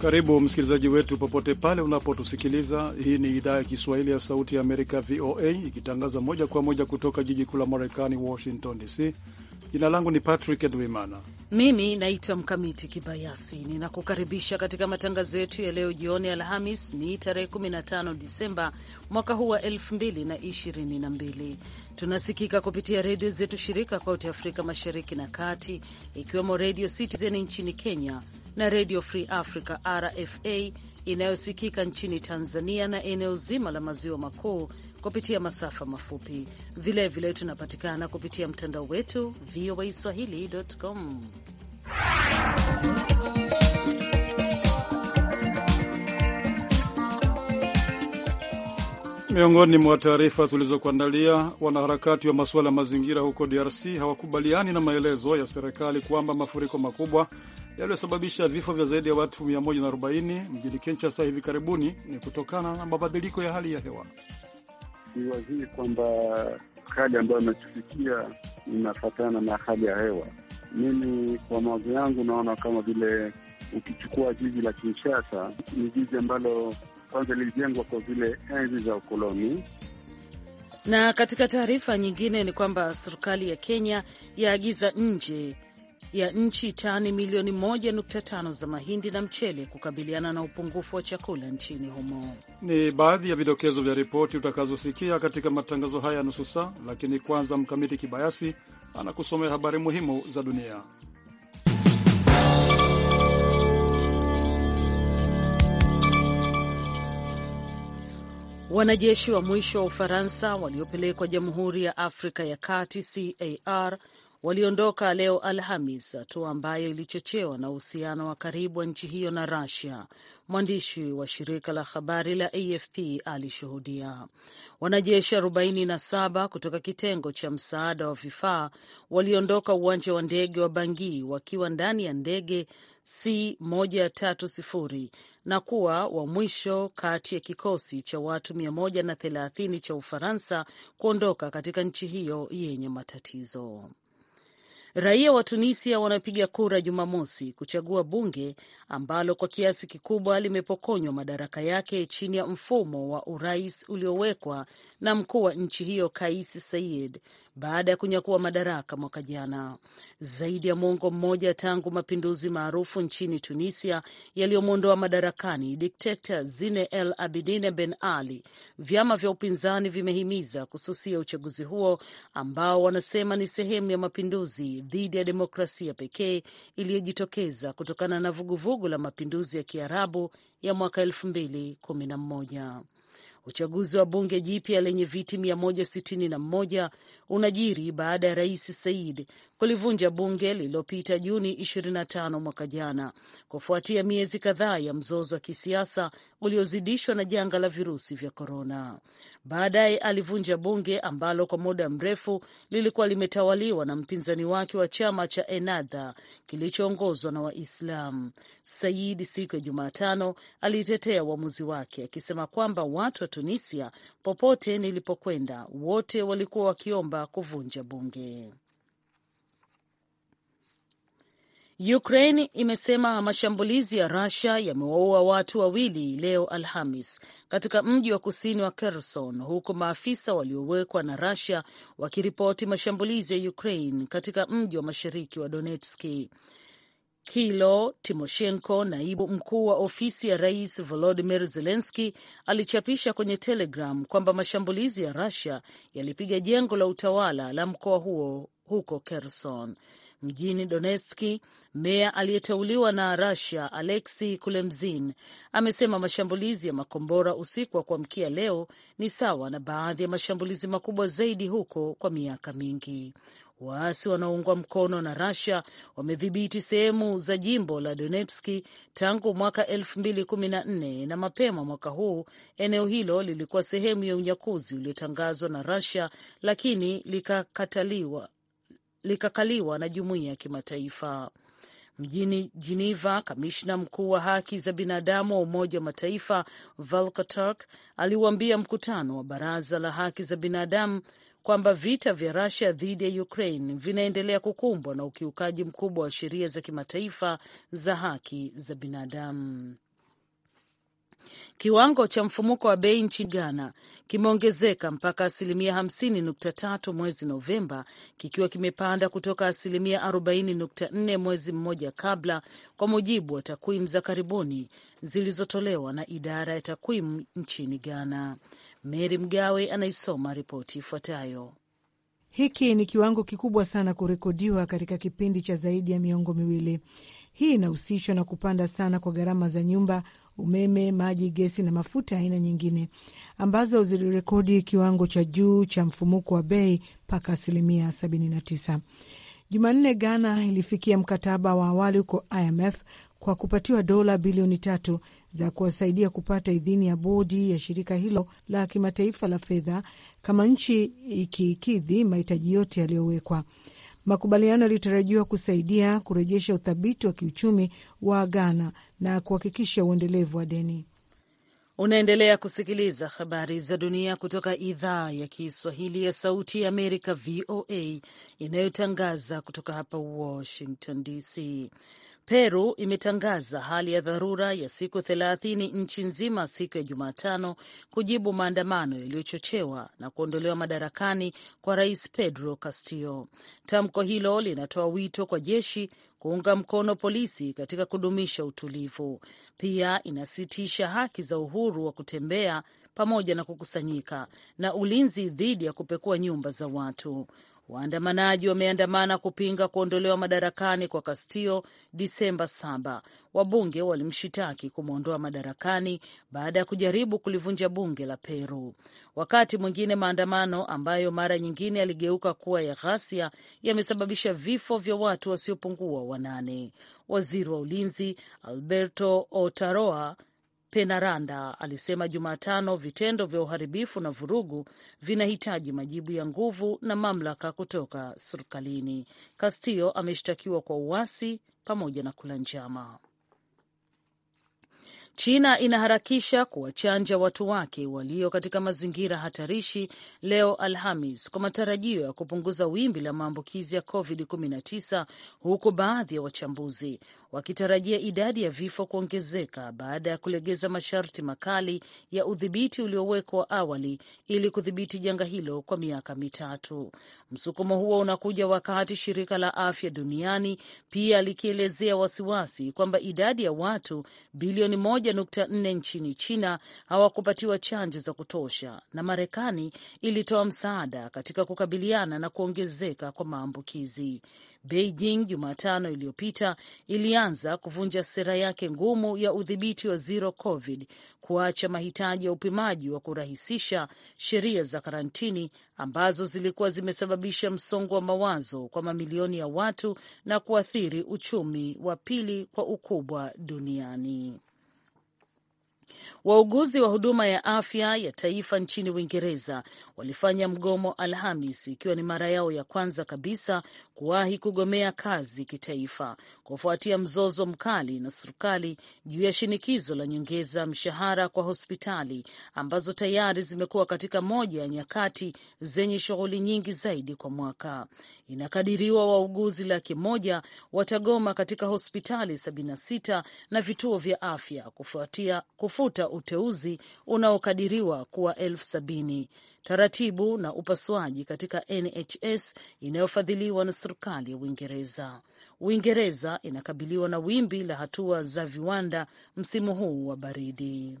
Karibu msikilizaji wetu popote pale unapotusikiliza. Hii ni idhaa ya Kiswahili ya Sauti ya Amerika, VOA, ikitangaza moja kwa moja kutoka jiji kuu la Marekani, Washington DC. Jina langu ni Patrick Edwimana mimi naitwa Mkamiti Kibayasi, ninakukaribisha katika matangazo yetu ya leo jioni. Alhamis ni tarehe 15 Disemba mwaka huu wa 2022. Tunasikika kupitia redio zetu shirika kote Afrika Mashariki na Kati, ikiwemo Redio Citizen nchini Kenya na Redio Free Africa RFA inayosikika nchini Tanzania na eneo zima la maziwa makuu kupitia masafa mafupi. Vilevile vile tunapatikana kupitia mtandao wetu VOA Swahili.com. Miongoni mwa taarifa tulizokuandalia, wanaharakati wa masuala ya mazingira huko DRC hawakubaliani na maelezo ya serikali kwamba mafuriko makubwa yaliyosababisha vifo vya zaidi ya watu 140 mjini Kinshasa hivi karibuni ni kutokana na mabadiliko ya hali ya hewa ni wazii kwamba hali ambayo imetufikia inafatana na hali ya hewa. Mimi kwa mawazo yangu naona kama vile ukichukua jiji la Kinshasa ni jiji ambalo kwanza lilijengwa kwa vile enzi za ukoloni. Na katika taarifa nyingine ni kwamba serikali ya Kenya yaagiza nje ya nchi tani milioni 1.5 za mahindi na mchele kukabiliana na upungufu wa chakula nchini humo. Ni baadhi ya vidokezo vya ripoti utakazosikia katika matangazo haya ya nusu saa, lakini kwanza, Mkamiti Kibayasi anakusomea habari muhimu za dunia. Wanajeshi wa mwisho wa Ufaransa waliopelekwa Jamhuri ya Afrika ya Kati CAR waliondoka leo Alhamis, hatua ambayo ilichochewa na uhusiano wa karibu wa nchi hiyo na rusia Mwandishi wa shirika la habari la AFP alishuhudia wanajeshi 47 kutoka kitengo cha msaada wa vifaa waliondoka uwanja wa ndege wa Bangi wakiwa ndani ya ndege C130 na kuwa wa mwisho kati ya kikosi cha watu 130 cha Ufaransa kuondoka katika nchi hiyo yenye matatizo. Raia wa Tunisia wanapiga kura Jumamosi kuchagua bunge ambalo kwa kiasi kikubwa limepokonywa madaraka yake chini ya mfumo wa urais uliowekwa na mkuu wa nchi hiyo Kais Saied baada ya kunyakua madaraka mwaka jana. Zaidi ya mwongo mmoja tangu mapinduzi maarufu nchini Tunisia yaliyomwondoa madarakani dikteta Zine El Abidine Ben Ali, vyama vya upinzani vimehimiza kususia uchaguzi huo ambao wanasema ni sehemu ya mapinduzi dhidi ya demokrasia pekee iliyojitokeza kutokana na vuguvugu la mapinduzi ya Kiarabu ya mwaka elfu mbili kumi na mmoja. Uchaguzi wa bunge jipya lenye viti 161 unajiri baada ya rais Said kulivunja bunge lililopita Juni 25 mwaka jana kufuatia miezi kadhaa ya mzozo wa kisiasa uliozidishwa na janga la virusi vya korona. Baadaye alivunja bunge ambalo kwa muda mrefu lilikuwa limetawaliwa na mpinzani wake wa chama cha Ennahda kilichoongozwa na Waislamu. Said siku ya Jumatano alitetea uamuzi wake akisema kwamba watu wa Tunisia, popote nilipokwenda, wote walikuwa wakiomba kuvunja bunge. Ukraine imesema mashambulizi ya Russia yamewaua watu wawili leo Alhamis katika mji wa kusini wa Kherson, huku maafisa waliowekwa na Russia wakiripoti mashambulizi ya Ukraine katika mji wa mashariki wa Donetski. Kilo Timoshenko, naibu mkuu wa ofisi ya rais Volodimir Zelenski, alichapisha kwenye Telegram kwamba mashambulizi ya Russia yalipiga jengo la utawala la mkoa huo huko Kherson. Mjini Donetski, meya aliyeteuliwa na Russia Alexi Kulemzin amesema mashambulizi ya makombora usiku wa kuamkia leo ni sawa na baadhi ya mashambulizi makubwa zaidi huko kwa miaka mingi. Waasi wanaoungwa mkono na Russia wamedhibiti sehemu za jimbo la Donetski tangu mwaka 2014 na mapema mwaka huu eneo hilo lilikuwa sehemu ya unyakuzi uliotangazwa na rasia lakini likakataliwa likakaliwa na jumuiya ya kimataifa. Mjini Geneva, kamishna mkuu wa haki za binadamu wa Umoja wa Mataifa Volker Turk aliuambia mkutano wa Baraza la Haki za Binadamu kwamba vita vya rasia dhidi ya Ukraine vinaendelea kukumbwa na ukiukaji mkubwa wa sheria za kimataifa za haki za binadamu. Kiwango cha mfumuko wa bei nchini Ghana kimeongezeka mpaka asilimia 53 mwezi Novemba, kikiwa kimepanda kutoka asilimia 44 mwezi mmoja kabla, kwa mujibu wa takwimu za karibuni zilizotolewa na idara ya takwimu nchini Ghana. mery Mgawe anaisoma ripoti ifuatayo. Hiki ni kiwango kikubwa sana kurekodiwa katika kipindi cha zaidi ya miongo miwili. Hii inahusishwa na kupanda sana kwa gharama za nyumba, umeme, maji, gesi na mafuta aina nyingine ambazo zilirekodi kiwango cha juu cha mfumuko wa bei mpaka asilimia 79. Jumanne Ghana ilifikia mkataba wa awali huko IMF kwa kupatiwa dola bilioni tatu za kuwasaidia kupata idhini ya bodi ya shirika hilo la kimataifa la fedha kama nchi ikikidhi mahitaji yote yaliyowekwa. Makubaliano yalitarajiwa kusaidia kurejesha uthabiti wa kiuchumi wa Ghana na kuhakikisha uendelevu wa deni. Unaendelea kusikiliza habari za dunia kutoka idhaa ya Kiswahili ya Sauti ya Amerika, VOA, inayotangaza kutoka hapa Washington DC. Peru imetangaza hali ya dharura ya siku thelathini nchi nzima siku ya Jumatano kujibu maandamano yaliyochochewa na kuondolewa madarakani kwa rais Pedro Castillo. Tamko hilo linatoa wito kwa jeshi kuunga mkono polisi katika kudumisha utulivu. Pia inasitisha haki za uhuru wa kutembea pamoja na kukusanyika na ulinzi dhidi ya kupekua nyumba za watu. Waandamanaji wameandamana kupinga kuondolewa madarakani kwa Castillo Disemba sb Wabunge walimshitaki kumwondoa madarakani baada ya kujaribu kulivunja bunge la Peru. Wakati mwingine maandamano ambayo mara nyingine yaligeuka kuwa ya ghasia yamesababisha vifo vya watu wasiopungua wanane. Waziri wa ulinzi Alberto Otaroa Penaranda alisema Jumatano vitendo vya uharibifu na vurugu vinahitaji majibu ya nguvu na mamlaka kutoka serikalini. Castillo ameshtakiwa kwa uasi pamoja na kula njama. China inaharakisha kuwachanja watu wake walio katika mazingira hatarishi leo Alhamis kwa matarajio ya kupunguza wimbi la maambukizi ya COVID-19 huku baadhi ya wachambuzi wakitarajia idadi ya vifo kuongezeka baada ya kulegeza masharti makali ya udhibiti uliowekwa awali ili kudhibiti janga hilo kwa miaka mitatu. Msukumo huo unakuja wakati shirika la afya duniani pia likielezea wasiwasi kwamba idadi ya watu bilioni moja 1.4 nchini China hawakupatiwa chanjo za kutosha, na Marekani ilitoa msaada katika kukabiliana na kuongezeka kwa maambukizi. Beijing Jumatano iliyopita ilianza kuvunja sera yake ngumu ya udhibiti wa zero covid, kuacha mahitaji ya upimaji wa kurahisisha sheria za karantini ambazo zilikuwa zimesababisha msongo wa mawazo kwa mamilioni ya watu na kuathiri uchumi wa pili kwa ukubwa duniani. Wauguzi wa huduma ya afya ya taifa nchini Uingereza walifanya mgomo Alhamis, ikiwa ni mara yao ya kwanza kabisa kuwahi kugomea kazi kitaifa kufuatia mzozo mkali na serikali juu ya shinikizo la nyongeza mshahara kwa hospitali ambazo tayari zimekuwa katika moja ya nyakati zenye shughuli nyingi zaidi kwa mwaka. Inakadiriwa wauguzi laki moja watagoma katika hospitali 76 na vituo vya afya kufuatia kufu kutafuta uteuzi unaokadiriwa kuwa elfu sabini. Taratibu na upasuaji katika NHS inayofadhiliwa na serikali ya Uingereza. Uingereza inakabiliwa na wimbi la hatua za viwanda msimu huu wa baridi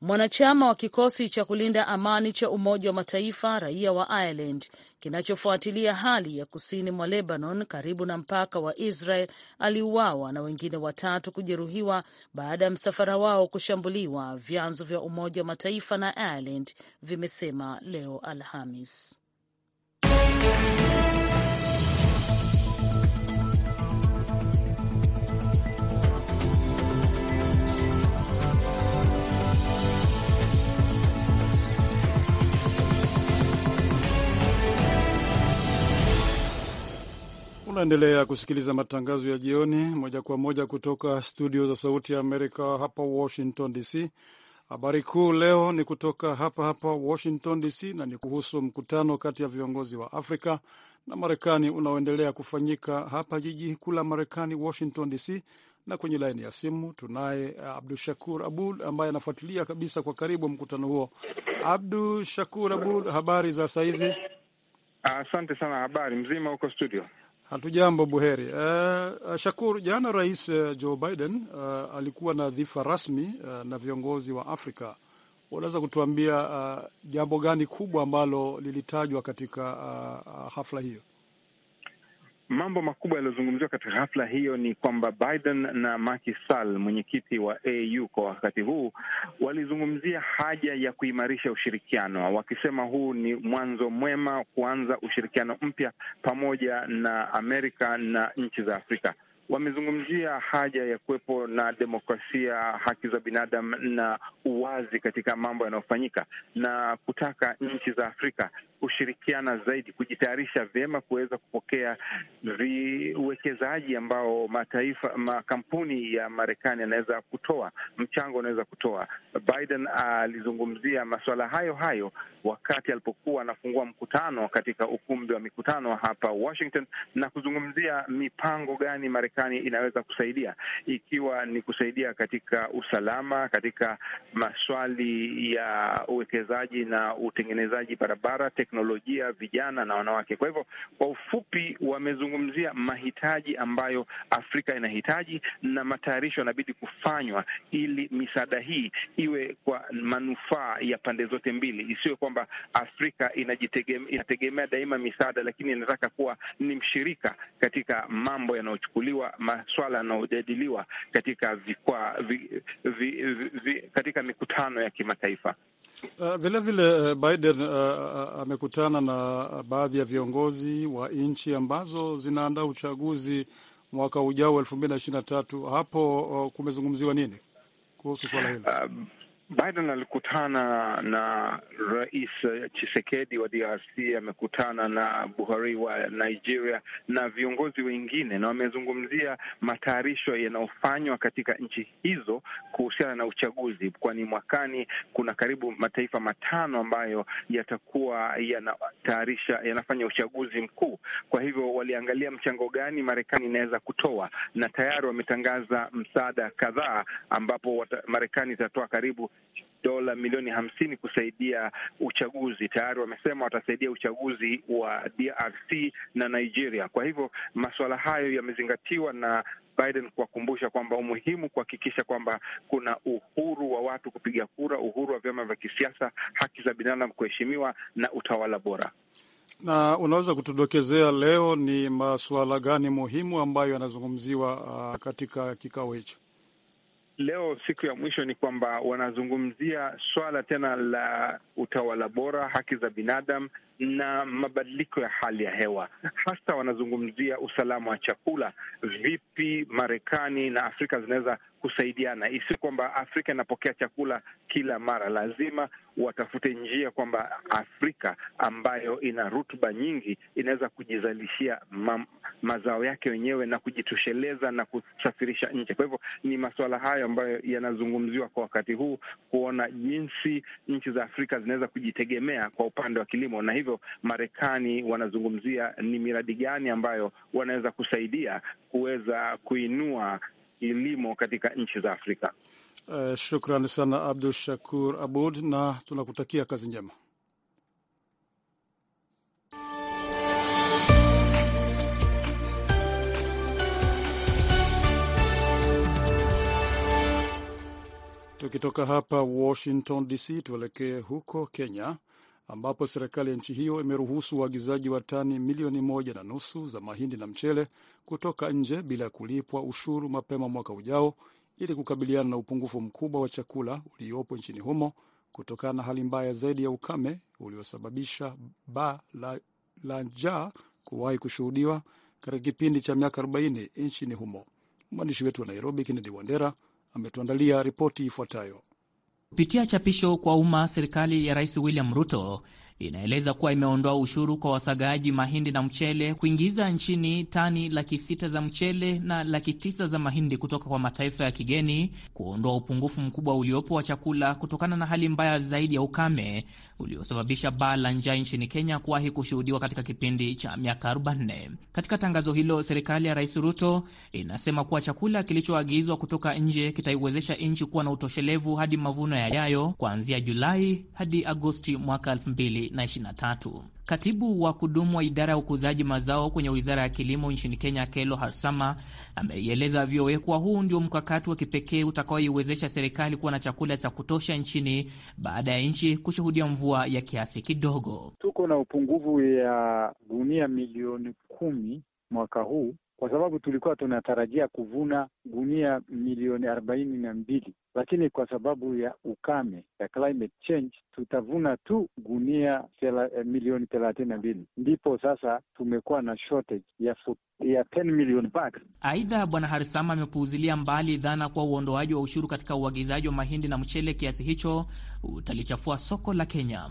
mwanachama wa kikosi cha kulinda amani cha Umoja wa Mataifa, raia wa Ireland kinachofuatilia hali ya kusini mwa Lebanon karibu na mpaka wa Israel aliuawa na wengine watatu kujeruhiwa baada ya msafara wao kushambuliwa, vyanzo vya Umoja wa Mataifa na Ireland vimesema leo Alhamis. Unaendelea kusikiliza matangazo ya jioni moja kwa moja kutoka studio za Sauti ya Amerika hapa Washington DC. Habari kuu leo ni kutoka hapa hapa Washington DC na ni kuhusu mkutano kati ya viongozi wa Afrika na Marekani unaoendelea kufanyika hapa jiji kuu la Marekani, Washington DC, na kwenye laini ya simu tunaye Abdu Shakur Abud ambaye anafuatilia kabisa kwa karibu mkutano huo. Abdu Shakur Abud, habari za saa hizi? Asante sana. Habari mzima huko studio? Hatujambo, buheri. Uh, Shakur, jana Rais eh, Joe Biden uh, alikuwa na dhifa rasmi uh, na viongozi wa Afrika. Unaweza kutuambia uh, jambo gani kubwa ambalo lilitajwa katika uh, hafla hiyo? mambo makubwa yaliyozungumziwa katika hafla hiyo ni kwamba Biden na Macky Sall, mwenyekiti wa AU kwa wakati huu, walizungumzia haja ya kuimarisha ushirikiano, wakisema huu ni mwanzo mwema kuanza ushirikiano mpya pamoja na Amerika na nchi za Afrika wamezungumzia haja ya kuwepo na demokrasia, haki za binadamu na uwazi katika mambo yanayofanyika na kutaka nchi za Afrika kushirikiana zaidi, kujitayarisha vyema kuweza kupokea viwekezaji ambao mataifa makampuni ya Marekani yanaweza kutoa mchango, unaweza kutoa. Biden alizungumzia masuala hayo hayo wakati alipokuwa anafungua mkutano katika ukumbi wa mikutano hapa Washington na kuzungumzia mipango gani Marekani Marekani inaweza kusaidia, ikiwa ni kusaidia katika usalama, katika maswali ya uwekezaji na utengenezaji barabara, teknolojia, vijana na wanawake. Kwa hivyo, kwa ufupi, wamezungumzia mahitaji ambayo Afrika inahitaji na matayarisho yanabidi kufanywa ili misaada hii iwe kwa manufaa ya pande zote mbili, isiwe kwamba Afrika inategemea daima misaada, lakini inataka kuwa ni mshirika katika mambo yanayochukuliwa maswala yanayojadiliwa katika vikwa, vi, vi, vi, vi, katika mikutano ya kimataifa. Vilevile uh, vile uh, Biden uh, uh, amekutana na baadhi ya viongozi wa nchi ambazo zinaandaa uchaguzi mwaka ujao elfu mbili na ishirini na tatu. Hapo uh, kumezungumziwa nini kuhusu swala hilo? uh, Biden alikutana na Rais Chisekedi wa DRC, amekutana na Buhari wa Nigeria na viongozi wengine, na wamezungumzia matayarisho yanayofanywa katika nchi hizo kuhusiana na uchaguzi, kwani mwakani kuna karibu mataifa matano ambayo yatakuwa yanatayarisha, yanafanya uchaguzi mkuu. Kwa hivyo waliangalia mchango gani Marekani inaweza kutoa, na tayari wametangaza msaada kadhaa, ambapo Marekani itatoa karibu dola milioni hamsini kusaidia uchaguzi. Tayari wamesema watasaidia uchaguzi wa DRC na Nigeria. Kwa hivyo masuala hayo yamezingatiwa na Biden kuwakumbusha kwamba umuhimu kuhakikisha kwamba kuna uhuru wa watu kupiga kura, uhuru wa vyama vya kisiasa, haki za binadamu kuheshimiwa na utawala bora. Na unaweza kutudokezea leo ni masuala gani muhimu ambayo yanazungumziwa uh, katika kikao hicho? leo siku ya mwisho ni kwamba wanazungumzia swala tena la utawala bora, haki za binadamu na mabadiliko ya hali ya hewa, hasa wanazungumzia usalama wa chakula. Vipi Marekani na Afrika zinaweza kusaidiana, isi kwamba Afrika inapokea chakula kila mara. Lazima watafute njia kwamba Afrika ambayo ina rutuba nyingi inaweza kujizalishia ma mazao yake wenyewe na kujitosheleza na kusafirisha nje. Kwa hivyo ni masuala hayo ambayo yanazungumziwa kwa wakati huu, kuona jinsi nchi za Afrika zinaweza kujitegemea kwa upande wa kilimo na hivyo hivyo Marekani wanazungumzia ni miradi gani ambayo wanaweza kusaidia kuweza kuinua kilimo katika nchi za Afrika. Uh, eh, shukrani sana Abdu Shakur Abud, na tunakutakia kazi njema. Tukitoka hapa Washington DC, tuelekee huko Kenya ambapo serikali ya nchi hiyo imeruhusu uagizaji wa tani milioni moja na nusu za mahindi na mchele kutoka nje bila ya kulipwa ushuru mapema mwaka ujao ili kukabiliana na upungufu mkubwa wa chakula uliopo nchini humo kutokana na hali mbaya zaidi ya ukame uliosababisha baa la, la njaa kuwahi kushuhudiwa katika kipindi cha miaka 40 nchini humo. Mwandishi wetu wa Nairobi, Kennedy Wandera, ametuandalia ripoti ifuatayo. Kupitia chapisho kwa umma, serikali ya Rais William Ruto inaeleza kuwa imeondoa ushuru kwa wasagaaji mahindi na mchele, kuingiza nchini tani laki sita za mchele na laki tisa za mahindi kutoka kwa mataifa ya kigeni, kuondoa upungufu mkubwa uliopo wa chakula kutokana na hali mbaya zaidi ya ukame uliosababisha baa la njaa nchini Kenya kuwahi kushuhudiwa katika kipindi cha miaka 40. Katika tangazo hilo, serikali ya Rais Ruto inasema kuwa chakula kilichoagizwa kutoka nje kitaiwezesha nchi kuwa na utoshelevu hadi mavuno yajayo kuanzia Julai hadi Agosti mwaka 2023. Katibu wa kudumu wa idara ya ukuzaji mazao kwenye wizara ya kilimo nchini Kenya, Kelo Harsama, ameieleza VOA kuwa huu ndio mkakati wa kipekee utakaoiwezesha serikali kuwa na chakula cha kutosha nchini baada ya nchi kushuhudia mvua ya kiasi kidogo. Tuko na upungufu ya gunia milioni kumi mwaka huu kwa sababu tulikuwa tunatarajia kuvuna gunia milioni arobaini na mbili lakini kwa sababu ya ukame ya climate change tutavuna tu gunia tela, eh, milioni thelathini na mbili ndipo sasa tumekuwa na shortage ya food, ya 10 million bags. Aidha, Bwana Harisama amepuuzilia mbali dhana kuwa uondoaji wa ushuru katika uagizaji wa mahindi na mchele kiasi hicho utalichafua soko la Kenya.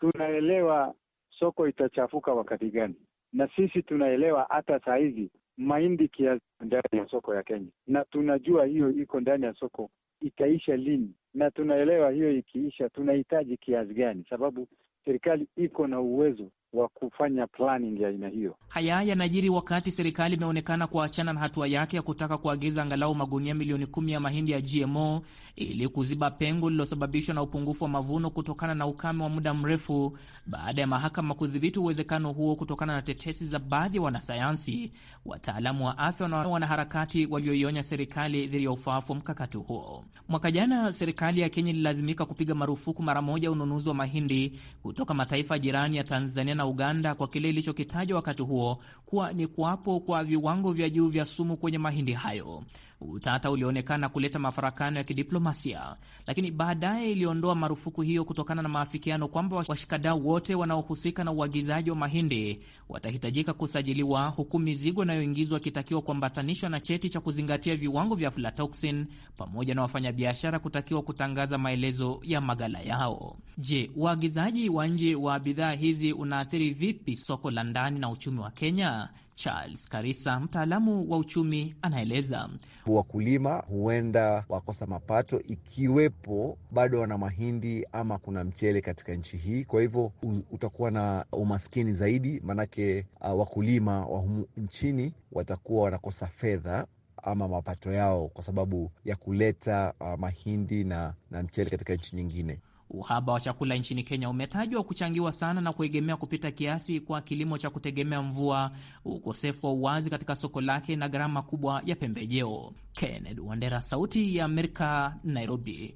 Tunaelewa soko itachafuka wakati gani, na sisi tunaelewa hata saa hizi mahindi kiasi ndani ya soko ya Kenya, na tunajua hiyo iko ndani ya soko itaisha lini, na tunaelewa hiyo ikiisha tunahitaji kiasi gani, sababu serikali iko na uwezo wa kufanya planning ya aina hiyo. Haya yanajiri wakati serikali imeonekana kuachana na hatua yake ya kutaka kuagiza angalau magunia milioni kumi ya mahindi ya GMO ili kuziba pengo lililosababishwa na upungufu wa mavuno kutokana na ukame wa muda mrefu, baada ya mahakama kudhibiti uwezekano huo kutokana na tetesi za baadhi ya wanasayansi, wataalamu wa afya na wanaharakati walioionya serikali dhidi ya ufaafu wa mkakati huo. Mwaka jana serikali ya Kenya ililazimika kupiga marufuku mara moja ununuzi wa mahindi kutoka mataifa jirani ya Tanzania na Uganda kwa kile ilichokitajwa wakati huo kuwa ni kuwapo kwa viwango vya juu vya sumu kwenye mahindi hayo. Utata ulionekana kuleta mafarakano ya kidiplomasia, lakini baadaye iliondoa marufuku hiyo kutokana na maafikiano kwamba washikadau wote wanaohusika na uagizaji wa mahindi watahitajika kusajiliwa, huku mizigo inayoingizwa ikitakiwa kuambatanishwa na cheti cha kuzingatia viwango vya aflatoxin, pamoja na wafanyabiashara kutakiwa kutangaza maelezo ya magala yao. Je, uagizaji wa nje wa bidhaa hizi unaathiri vipi soko la ndani na uchumi wa Kenya? Charles Karisa, mtaalamu wa uchumi, anaeleza. Wakulima huenda wakosa mapato ikiwepo bado wana mahindi ama kuna mchele katika nchi hii, kwa hivyo utakuwa na umaskini zaidi, maanake uh, wakulima wa humu nchini watakuwa wanakosa fedha ama mapato yao kwa sababu ya kuleta uh, mahindi na, na mchele katika nchi nyingine. Uhaba wa chakula nchini Kenya umetajwa kuchangiwa sana na kuegemea kupita kiasi kwa kilimo cha kutegemea mvua, ukosefu wa uwazi katika soko lake na gharama kubwa ya pembejeo. Kenneth Wandera, Sauti ya Amerika, Nairobi.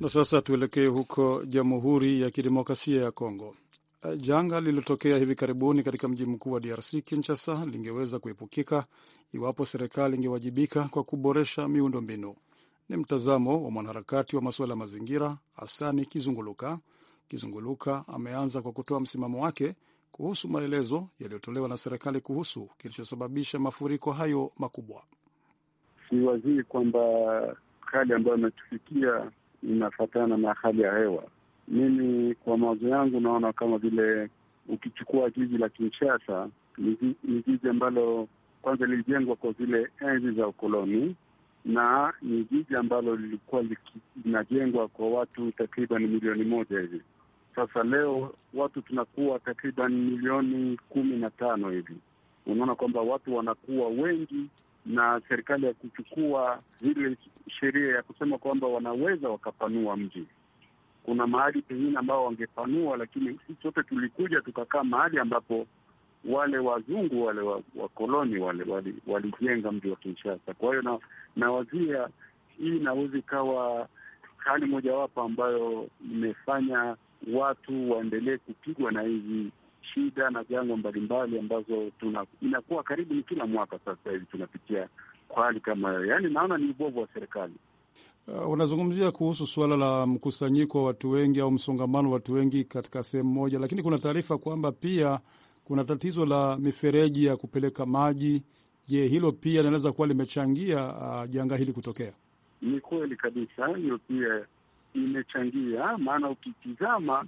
Na sasa tuelekee huko Jamhuri ya Kidemokrasia ya Kongo janga lililotokea hivi karibuni katika mji mkuu wa DRC Kinshasa lingeweza kuepukika iwapo serikali ingewajibika kwa kuboresha miundo mbinu Ni mtazamo wa mwanaharakati wa masuala ya mazingira hasani Kizunguluka. Kizunguluka ameanza kwa kutoa msimamo wake kuhusu maelezo yaliyotolewa na serikali kuhusu kilichosababisha mafuriko hayo makubwa. Si wazii kwamba hali ambayo imetufikia inafatana na hali ya hewa mimi kwa mawazo yangu naona kama vile ukichukua jiji la Kinshasa ni jiji ambalo kwanza lilijengwa kwa zile enzi za ukoloni na ni jiji ambalo lilikuwa linajengwa kwa watu takriban milioni moja hivi. Sasa leo watu tunakuwa takriban milioni kumi na tano hivi. Unaona kwamba watu wanakuwa wengi, na serikali ya kuchukua zile sheria ya kusema kwamba wanaweza wakapanua mji kuna mahali pengine ambao wangepanua, lakini sisi sote tulikuja tukakaa mahali ambapo wale wazungu wale wakoloni wale walijenga mji wa Kinshasa. Kwa hiyo na, nawazia hii inaweza ikawa hali mojawapo ambayo imefanya watu waendelee kupigwa na hizi shida na jango mbalimbali ambazo tuna, inakuwa karibu ni kila mwaka sasa hivi tunapitia kwa hali kama hiyo. Yaani naona ni ubovu wa serikali. Uh, unazungumzia kuhusu suala la mkusanyiko wa watu wengi au msongamano wa watu wengi katika sehemu moja, lakini kuna taarifa kwamba pia kuna tatizo la mifereji ya kupeleka maji. Je, hilo pia linaweza kuwa limechangia uh, janga hili kutokea? Ni kweli kabisa, hiyo pia imechangia, maana ukitizama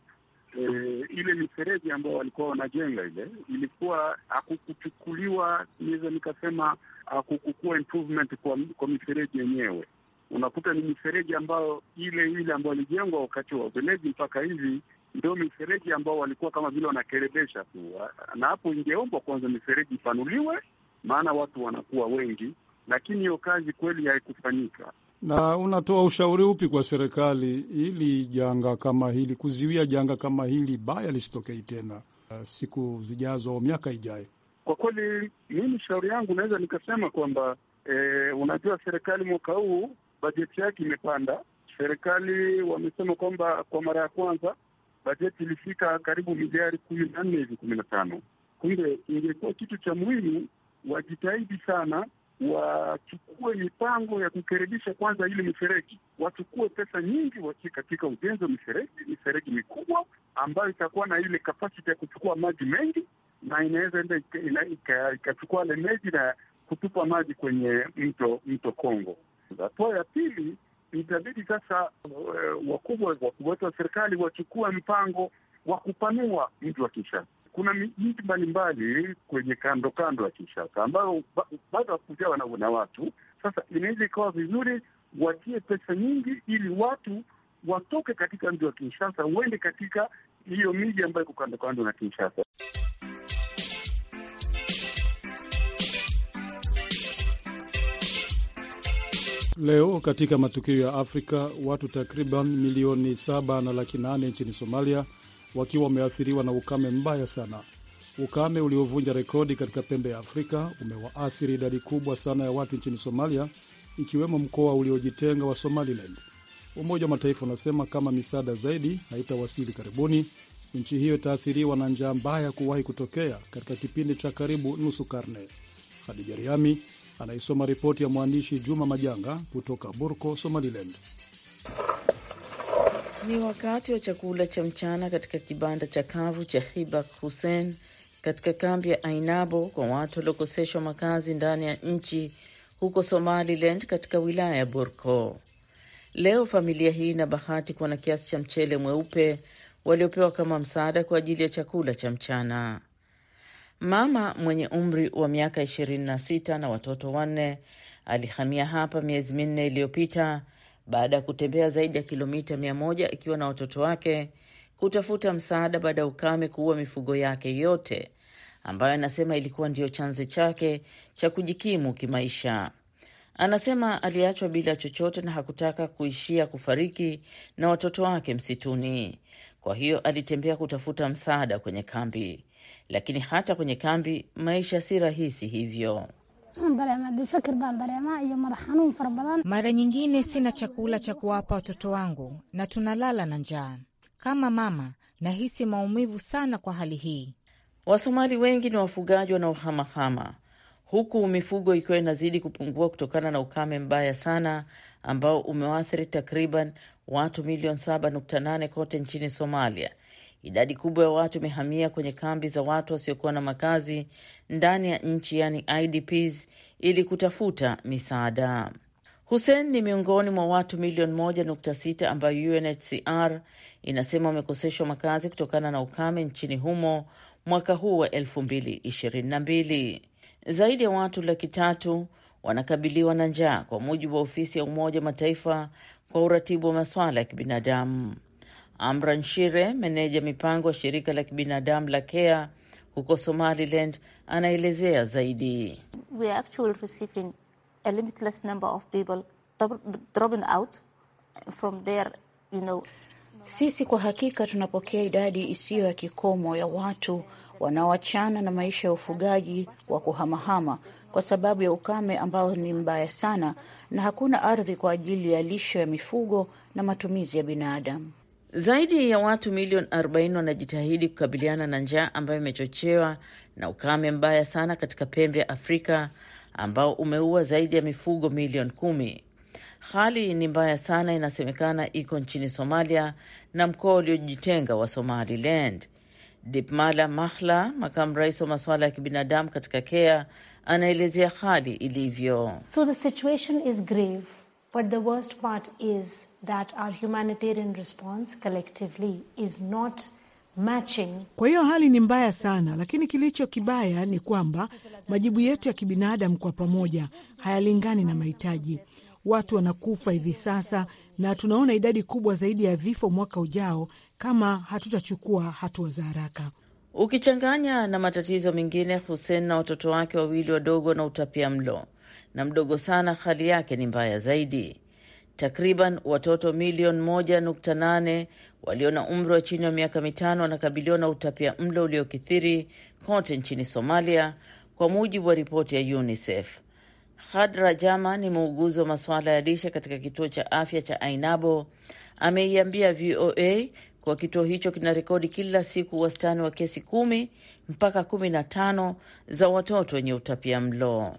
e, ile mifereji ambayo walikuwa wanajenga ile ilikuwa hakukuchukuliwa, niweza nikasema hakukukua improvement kwa, kwa mifereji yenyewe unakuta ni mifereji ambayo ile ile ambayo ilijengwa wakati wa Ubelezi mpaka hivi ndio mifereji ambao walikuwa kama vile wanakerebesha tu, na hapo ingeombwa kwanza mifereji ipanuliwe, maana watu wanakuwa wengi, lakini hiyo kazi kweli haikufanyika. Na unatoa ushauri upi kwa serikali ili janga kama hili kuziwia janga kama hili baya lisitokei tena uh, siku zijazo au miaka ijayo? Kwa kweli mimi shauri yangu naweza nikasema kwamba e, unajua serikali mwaka huu bajeti yake imepanda. Serikali wamesema kwamba kwa mara ya kwanza bajeti ilifika karibu miliari kumi na nne hivi kumi na tano. Kumbe ingekuwa kitu cha muhimu wajitahidi sana wachukue mipango ya kukaribisha kwanza ile mifereji, wachukue pesa nyingi waki katika ujenzi wa mifereji, mifereji mikubwa ambayo itakuwa na ile kapasiti ya kuchukua maji mengi, na inaweza enda ikachukua ile maji na kutupa maji kwenye mto mto Kongo. Hatua ya pili itabidi sasa eh, wakubwa wakubwa wetu wa serikali wachukua mpango wa kupanua mji wa Kinshasa. Kuna miji mbalimbali kwenye kando kando ya Kinshasa ambayo bado hakujawa na watu. Sasa inaweza ikawa vizuri watie pesa nyingi ili watu watoke katika mji wa Kinshasa, uende katika hiyo miji ambayo iko kando kando na Kinshasa. Leo katika matukio ya Afrika, watu takriban milioni saba na laki nane nchini Somalia wakiwa wameathiriwa na ukame mbaya sana. Ukame uliovunja rekodi katika pembe ya Afrika umewaathiri idadi kubwa sana ya watu nchini Somalia, ikiwemo mkoa uliojitenga wa Somaliland. Umoja wa Mataifa unasema kama misaada zaidi haitawasili karibuni, nchi hiyo itaathiriwa na njaa mbaya kuwahi kutokea katika kipindi cha karibu nusu karne. Hadija Riami anaisoma ripoti ya mwandishi Juma Majanga kutoka Burko, Somaliland. Ni wakati wa chakula cha mchana katika kibanda cha kavu cha Hibak Hussein katika kambi ya Ainabo kwa watu waliokoseshwa makazi ndani ya nchi huko Somaliland, katika wilaya ya Burko. Leo familia hii ina bahati kuwa na kiasi cha mchele mweupe waliopewa kama msaada kwa ajili ya chakula cha mchana. Mama mwenye umri wa miaka ishirini na sita na watoto wanne alihamia hapa miezi minne iliyopita baada ya kutembea zaidi ya kilomita mia moja ikiwa na watoto wake kutafuta msaada baada ya ukame kuua mifugo yake yote ambayo anasema ilikuwa ndiyo chanzo chake cha kujikimu kimaisha. Anasema aliachwa bila chochote na hakutaka kuishia kufariki na watoto wake msituni. Kwa hiyo alitembea kutafuta msaada kwenye kambi lakini hata kwenye kambi maisha si rahisi hivyo. Mara nyingine sina chakula cha kuwapa watoto wangu na tunalala na njaa. Kama mama, nahisi maumivu sana kwa hali hii. Wasomali wengi ni wafugaji wanaohamahama, huku mifugo ikiwa inazidi kupungua kutokana na ukame mbaya sana ambao umewaathiri takriban watu milioni 7.8 kote nchini Somalia, Idadi kubwa ya watu imehamia kwenye kambi za watu wasiokuwa na makazi ndani ya nchi, yani IDPs, ili kutafuta misaada. Hussein ni miongoni mwa watu milioni moja nukta sita ambayo UNHCR inasema wamekoseshwa makazi kutokana na ukame nchini humo mwaka huu wa elfu mbili ishirini na mbili. Zaidi ya watu laki tatu wanakabiliwa na njaa kwa mujibu wa ofisi ya Umoja wa Mataifa kwa uratibu wa masuala ya kibinadamu amra nshire meneja mipango wa shirika la kibinadamu la CARE huko Somaliland, anaelezea zaidi. We are You know, sisi kwa hakika tunapokea idadi isiyo ya kikomo ya watu wanaoachana na maisha ya ufugaji wa kuhamahama kwa sababu ya ukame ambao ni mbaya sana, na hakuna ardhi kwa ajili ya lisho ya mifugo na matumizi ya binadamu. Zaidi ya watu milioni 40 wanajitahidi kukabiliana na njaa ambayo imechochewa na ukame mbaya sana katika pembe ya Afrika ambao umeua zaidi ya mifugo milioni kumi. Hali ni mbaya sana inasemekana iko nchini Somalia na mkoa uliojitenga wa Somaliland. Dipmala Mahla, makamu rais wa masuala ya kibinadamu katika Kea, anaelezea hali ilivyo. So the situation is grave. But the worst part is that our humanitarian response collectively is not matching. Kwa hiyo hali ni mbaya sana, lakini kilicho kibaya ni kwamba majibu yetu ya kibinadamu kwa pamoja hayalingani na mahitaji. Watu wanakufa hivi sasa na tunaona idadi kubwa zaidi ya vifo mwaka ujao kama hatutachukua hatua za haraka. Ukichanganya na matatizo mengine, Hussein na watoto wake wawili wadogo na utapia mlo na mdogo sana, hali yake ni mbaya zaidi. Takriban watoto milioni moja nukta nane walio na umri wa chini ya miaka mitano wanakabiliwa na utapia mlo uliokithiri kote nchini Somalia, kwa mujibu wa ripoti ya UNICEF. Hadra Jama ni muuguzi wa masuala ya lishe katika kituo cha afya cha Ainabo. Ameiambia VOA kuwa kituo hicho kina rekodi kila siku wastani wa kesi kumi mpaka kumi na tano za watoto wenye utapia mlo.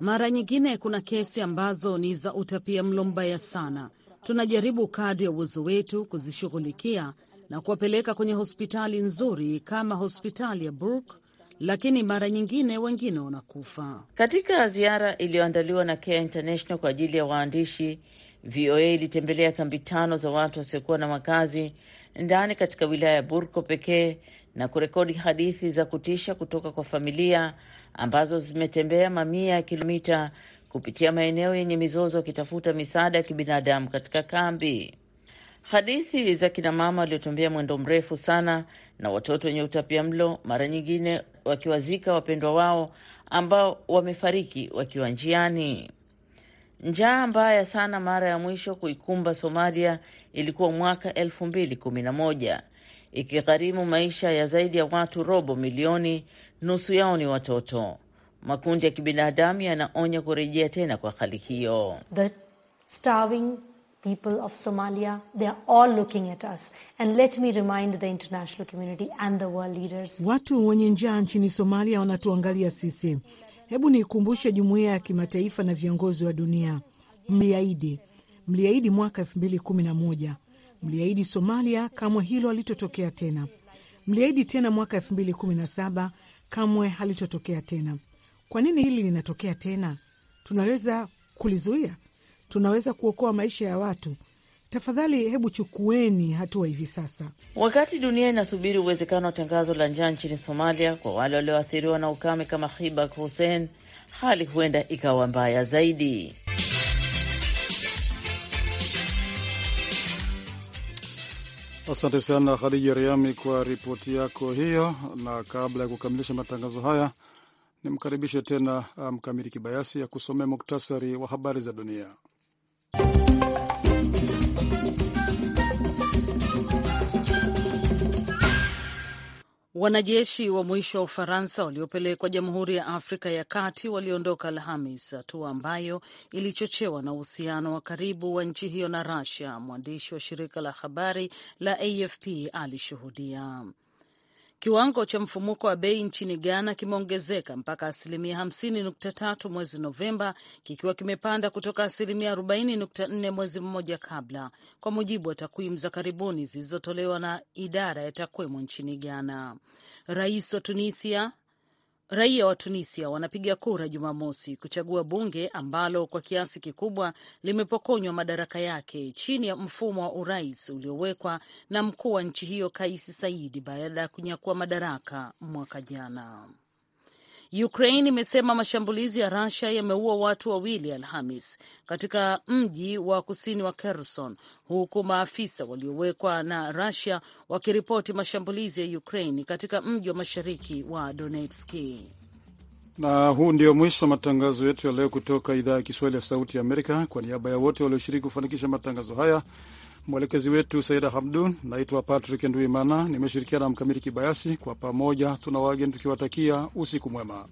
Mara nyingine kuna kesi ambazo ni za utapia mlo mbaya sana. Tunajaribu kadri ya uwezo wetu kuzishughulikia na kuwapeleka kwenye hospitali nzuri kama hospitali ya Burke, lakini mara nyingine wengine wanakufa. Katika ziara iliyoandaliwa na Care International kwa ajili ya waandishi VOA ilitembelea kambi tano za watu wasiokuwa na makazi ndani katika wilaya ya Burko pekee na kurekodi hadithi za kutisha kutoka kwa familia ambazo zimetembea mamia ya kilomita kupitia maeneo yenye mizozo wakitafuta misaada ya kibinadamu katika kambi. Hadithi za kinamama waliotembea mwendo mrefu sana na watoto wenye utapia mlo, mara nyingine wakiwazika wapendwa wao ambao wamefariki wakiwa njiani. Njaa mbaya sana mara ya mwisho kuikumba Somalia ilikuwa mwaka elfu mbili kumi na moja ikigharimu maisha ya zaidi ya watu robo milioni, nusu yao ni watoto. Makundi ya kibinadamu yanaonya kurejea tena kwa hali hiyo. Watu wenye njaa nchini Somalia wanatuangalia sisi. Hebu niikumbushe jumuiya ya kimataifa na viongozi wa dunia, mliahidi, mliahidi mwaka elfu mbili kumi na moja mliahidi Somalia kamwe hilo halitotokea tena. Mliahidi tena mwaka elfu mbili kumi na saba kamwe halitotokea tena. Kwa nini hili linatokea tena? Tunaweza kulizuia? Tunaweza kuokoa maisha ya watu Tafadhali hebu chukueni hatua hivi sasa, wakati dunia inasubiri uwezekano wa tangazo la njaa nchini Somalia kwa wale walioathiriwa na ukame kama Khibak Hussein. Hali huenda ikawa mbaya zaidi. Asante sana Khadija Riami kwa ripoti yako hiyo, na kabla ya kukamilisha matangazo haya, nimkaribishe tena ah, Mkamiri Kibayasi ya kusomea muktasari wa habari za dunia. Wanajeshi wa mwisho wa Ufaransa waliopelekwa Jamhuri ya Afrika ya Kati waliondoka Alhamis, hatua ambayo ilichochewa na uhusiano wa karibu wa nchi hiyo na rasia Mwandishi wa shirika la habari la AFP alishuhudia Kiwango cha mfumuko wa bei nchini Ghana kimeongezeka mpaka asilimia 50.3 mwezi Novemba, kikiwa kimepanda kutoka asilimia 40.4 mwezi mmoja kabla, kwa mujibu wa takwimu za karibuni zilizotolewa na idara ya takwimu nchini Ghana. Rais wa Tunisia Raia wa Tunisia wanapiga kura Jumamosi kuchagua bunge ambalo kwa kiasi kikubwa limepokonywa madaraka yake chini ya mfumo wa urais uliowekwa na mkuu wa nchi hiyo Kais saidi baada ya kunyakua madaraka mwaka jana. Ukraine imesema mashambulizi ya Russia yameua watu wawili Alhamis katika mji wa kusini wa Kherson, huku maafisa waliowekwa na Russia wakiripoti mashambulizi ya Ukraine katika mji wa mashariki wa Donetski. Na huu ndio mwisho wa matangazo yetu ya leo kutoka idhaa ya Kiswahili ya Sauti ya Amerika. Kwa niaba ya wote walioshiriki kufanikisha matangazo haya mwelekezi wetu Saida Hamdun. Naitwa Patrick Nduimana, nimeshirikiana na Mkamiti Kibayasi. Kwa pamoja tuna wageni tukiwatakia usiku mwema.